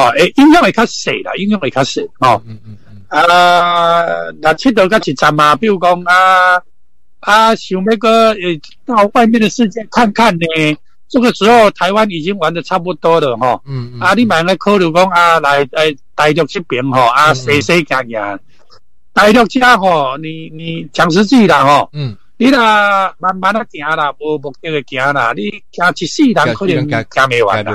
哦，應該會開始啦，應該會開始。哦，嗯嗯、啊，那七到開始站嘛，比如說啊啊，想咩個誒、欸，到外面的世界看看咧。這個時候台灣已經玩得差不多了。哈、哦。嗯嗯。啊，你買咗考慮講，啊，來，誒大陸這邊，哈，啊，細細行行，大陸這車，哈，你你長時機啦，哈。嗯。你那慢慢行啦，步步都要行啦，你行一世人可能行未完啦。